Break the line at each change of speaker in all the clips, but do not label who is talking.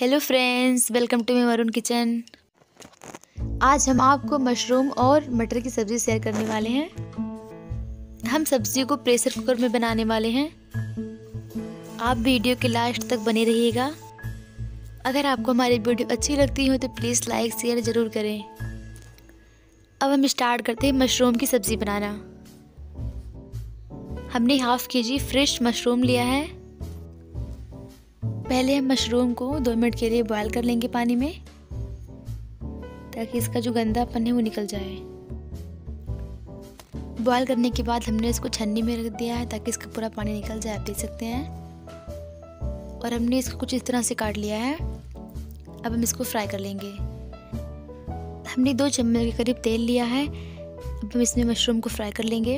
hello friends welcome to my Varun kitchen आज हम आपको मशरूम और मटर की सब्ज़ी शेयर करने वाले हैं हम सब्ज़ी को प्रेशर कुकर में बनाने वाले हैं आप वीडियो के लास्ट तक बने रहिएगा अगर आपको हमारी वीडियो अच्छी लगती हो तो प्लीज़ लाइक शेयर ज़रूर करें अब हम स्टार्ट करते हैं मशरूम की सब्ज़ी बनाना हमने half K G fresh mushroom लिया है पहले हम मशरूम को दो मिनट के लिए बॉयल कर लेंगे पानी में ताकि इसका जो गंदापन है वो निकल जाए बॉयल करने के बाद हमने इसको छन्नी में रख दिया है ताकि इसका पूरा पानी निकल जाए आप देख सकते हैं और हमने इसको कुछ इस तरह से काट लिया है अब हम इसको फ्राई कर लेंगे हमने दो चम्मच के करीब तेल लिया है अब हम इसमें मशरूम को फ्राई कर लेंगे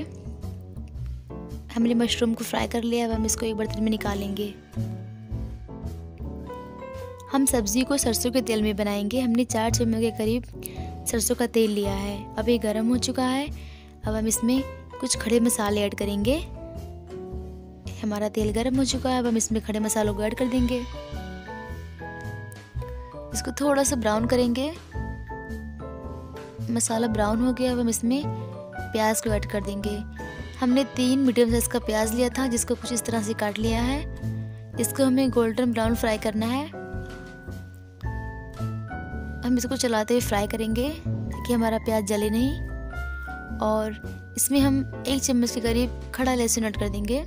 हमने मशरूम को फ्राई कर लिया अब हम इसको एक बर्तन में निकालेंगे हम सब्ज़ी को सरसों के तेल में बनाएंगे हमने चार चम्मच के करीब सरसों का तेल लिया है अब ये गर्म हो चुका है अब हम इसमें कुछ खड़े मसाले ऐड करेंगे हमारा तेल गर्म हो चुका है अब हम इसमें खड़े मसालों को ऐड कर देंगे इसको थोड़ा सा ब्राउन करेंगे मसाला ब्राउन हो गया अब हम इसमें प्याज को ऐड कर देंगे हमने तीन मीडियम साइज़ का प्याज लिया था जिसको कुछ इस तरह से काट लिया है इसको हमें गोल्डन ब्राउन फ्राई करना है हम इसको चलाते हुए फ्राई करेंगे ताकि हमारा प्याज जले नहीं और इसमें हम एक चम्मच के करीब खड़ा लहसुन ऐड कर देंगे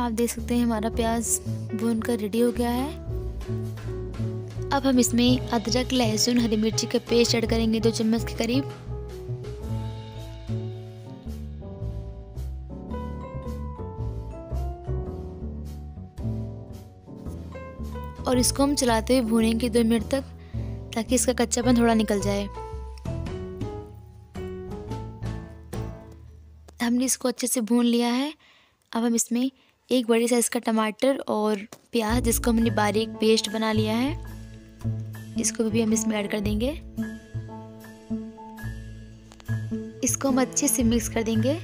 आप देख सकते हैं हमारा प्याज भून कर रेडी हो गया है अब हम इसमें अदरक लहसुन हरी मिर्ची का पेस्ट ऐड करेंगे दो चम्मच के करीब और इसको हम चलाते हुए भूनेंगे दो मिनट तक ताकि इसका कच्चापन थोड़ा निकल जाए हमने इसको अच्छे से भून लिया है अब हम इसमें एक बड़े साइज का टमाटर और प्याज जिसको हमने बारीक पेस्ट बना लिया है इसको भी हम इसमें ऐड कर देंगे इसको हम अच्छे से मिक्स कर देंगे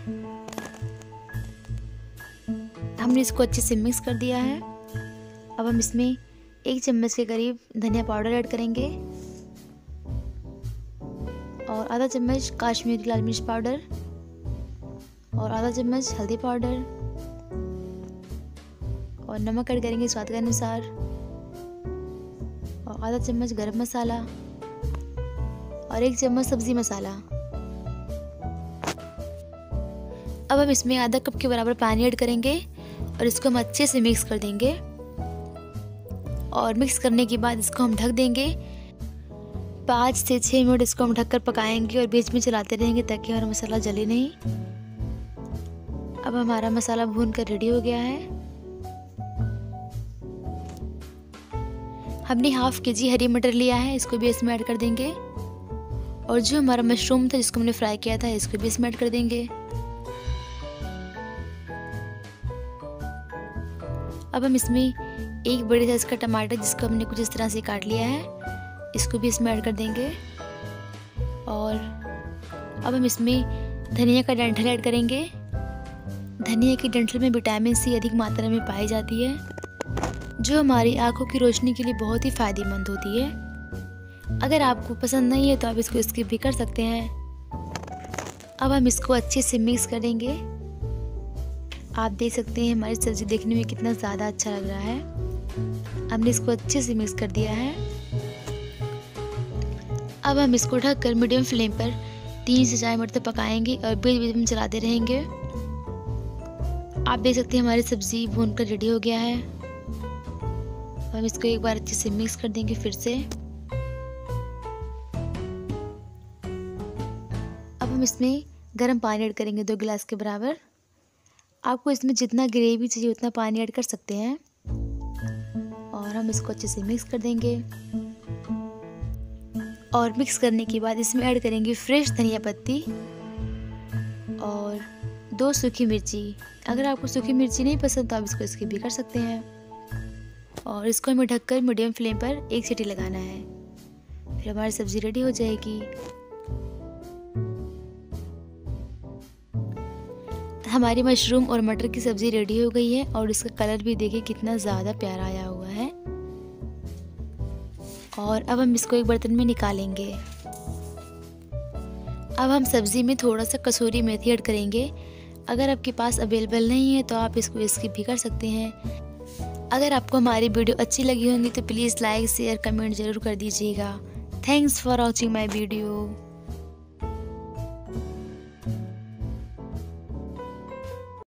हमने इसको अच्छे से मिक्स कर दिया है अब हम इसमें एक चम्मच के करीब धनिया पाउडर ऐड करेंगे और आधा चम्मच काश्मीरी लाल मिर्च पाउडर और आधा चम्मच हल्दी पाउडर और नमक ऐड करेंगे स्वाद के अनुसार और आधा चम्मच गरम मसाला और एक चम्मच सब्ज़ी मसाला अब हम इसमें आधा कप के बराबर पानी ऐड करेंगे और इसको हम अच्छे से मिक्स कर देंगे और मिक्स करने के बाद इसको हम ढक देंगे पाँच से छः मिनट इसको हम ढककर पकाएंगे और बीच में चलाते रहेंगे ताकि हमारा मसाला जले नहीं अब हमारा मसाला भून कर रेडी हो गया है हमने हाफ़ के जी हरी मटर लिया है इसको भी इसमें ऐड कर देंगे और जो हमारा मशरूम था जिसको हमने फ्राई किया था इसको भी इसमें ऐड कर देंगे अब हम इसमें एक बड़े साइज का टमाटर जिसको हमने कुछ इस तरह से काट लिया है इसको भी इसमें ऐड कर देंगे और अब हम इसमें धनिया का डंठल ऐड करेंगे धनिया के डंठल में विटामिन सी अधिक मात्रा में पाई जाती है जो हमारी आंखों की रोशनी के लिए बहुत ही फ़ायदेमंद होती है अगर आपको पसंद नहीं है तो आप इसको स्किप भी कर सकते हैं अब हम इसको अच्छे से मिक्स करेंगे आप देख सकते हैं हमारी सब्ज़ी देखने में कितना ज़्यादा अच्छा लग रहा है हमने इसको अच्छे से मिक्स कर दिया है अब हम इसको ढककर मीडियम फ्लेम पर तीन से चार मिनट तक पकाएंगे और बीच बीच में चलाते रहेंगे आप देख सकते हैं हमारी सब्ज़ी भून कर रेडी हो गया है हम इसको एक बार अच्छे से मिक्स कर देंगे फिर से अब हम इसमें गर्म पानी ऐड करेंगे दो गिलास के बराबर आपको इसमें जितना ग्रेवी चाहिए उतना पानी ऐड कर सकते हैं और हम इसको अच्छे से मिक्स कर देंगे और मिक्स करने के बाद इसमें ऐड करेंगे फ्रेश धनिया पत्ती और दो सूखी मिर्ची अगर आपको सूखी मिर्ची नहीं पसंद तो आप इसको स्किप भी कर सकते हैं और इसको हमें ढककर मीडियम फ्लेम पर एक सीटी लगाना है फिर हमारी सब्ज़ी रेडी हो जाएगी हमारी मशरूम और मटर की सब्ज़ी रेडी हो गई है और इसका कलर भी देखिए कितना ज़्यादा प्यारा आया होगा और अब हम इसको एक बर्तन में निकालेंगे अब हम सब्ज़ी में थोड़ा सा कसूरी मेथी ऐड करेंगे अगर आपके पास अवेलेबल नहीं है तो आप इसको स्किप भी कर सकते हैं अगर आपको हमारी वीडियो अच्छी लगी होगी तो प्लीज़ लाइक शेयर कमेंट ज़रूर कर दीजिएगा thanks for watching my video